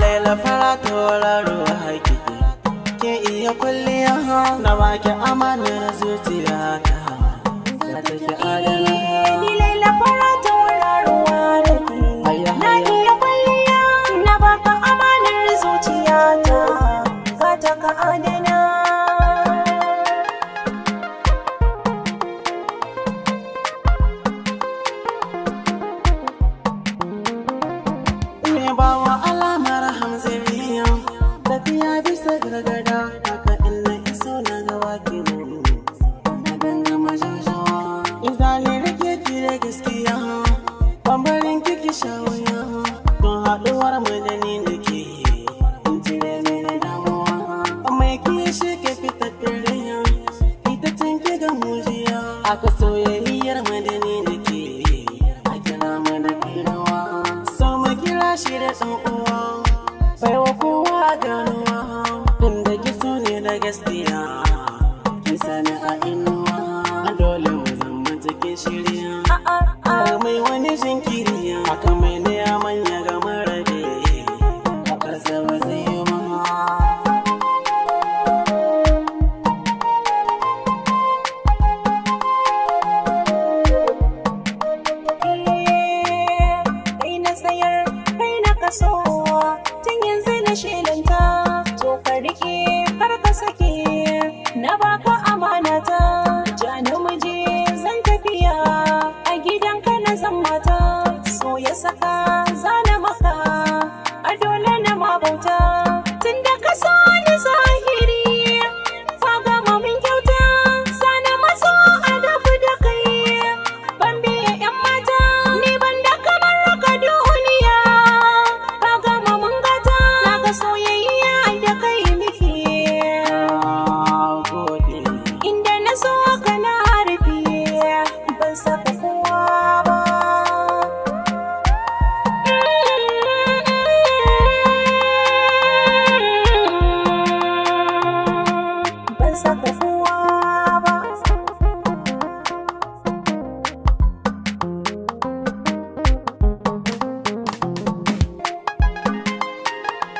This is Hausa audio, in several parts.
laila fara tauraro haƙiƙi ke iya kulliya na baki amanar zuciya haka in iso na ga wake mu na ganga majajawa in zane kire gaskiya bambarin kiki shawaya don haɗuwar mu da ni da ke in cire damuwa mai kiye shi ke fitar ya. ita can ki ga mujiya aka soyayyar mu da ni da ke a kira mu da kirawa sau kira shi da ɗan uwa baiwa kowa shirya a mai wani jinkiri haka mai na ya manya ga marabe ƙasa ba zai yi mama Kai eh, na sayar, kai na kasowa, tun yanzu na shelanta, to ka rike har ka sake, na baka Saka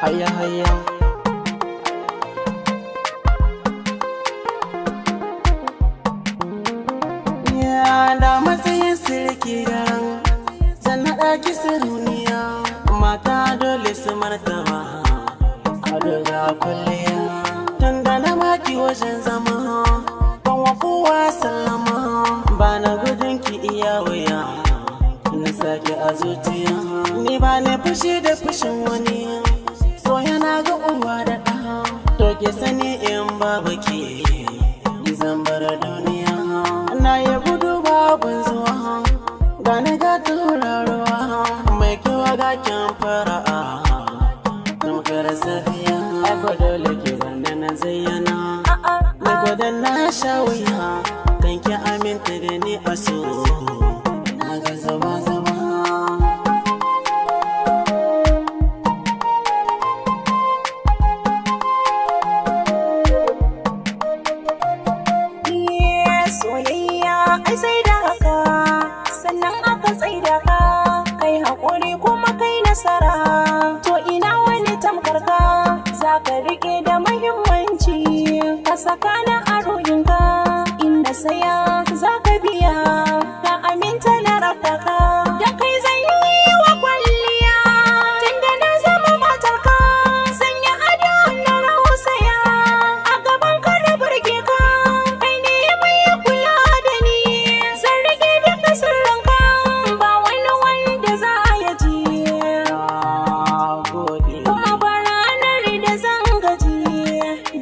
hayya hayya da matsayin sirki garan zan haɗa ki siruniya mata dole su martaba a daga kwalliya tun da na baki wajen zama ban wa kowa sallama ba na gudun ki iya wuya na sake a zuciya ni ba na fushi da fushin wani ke sani in babu ke zan bar duniya na ya gudu babu zuwa ga ni ga ruwa mai kewa ga kyan fara'a tamkar safiya aiko dole ke zanda na zayyana na gwadon na sha ha.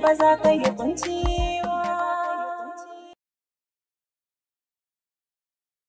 ba za ka yi kunci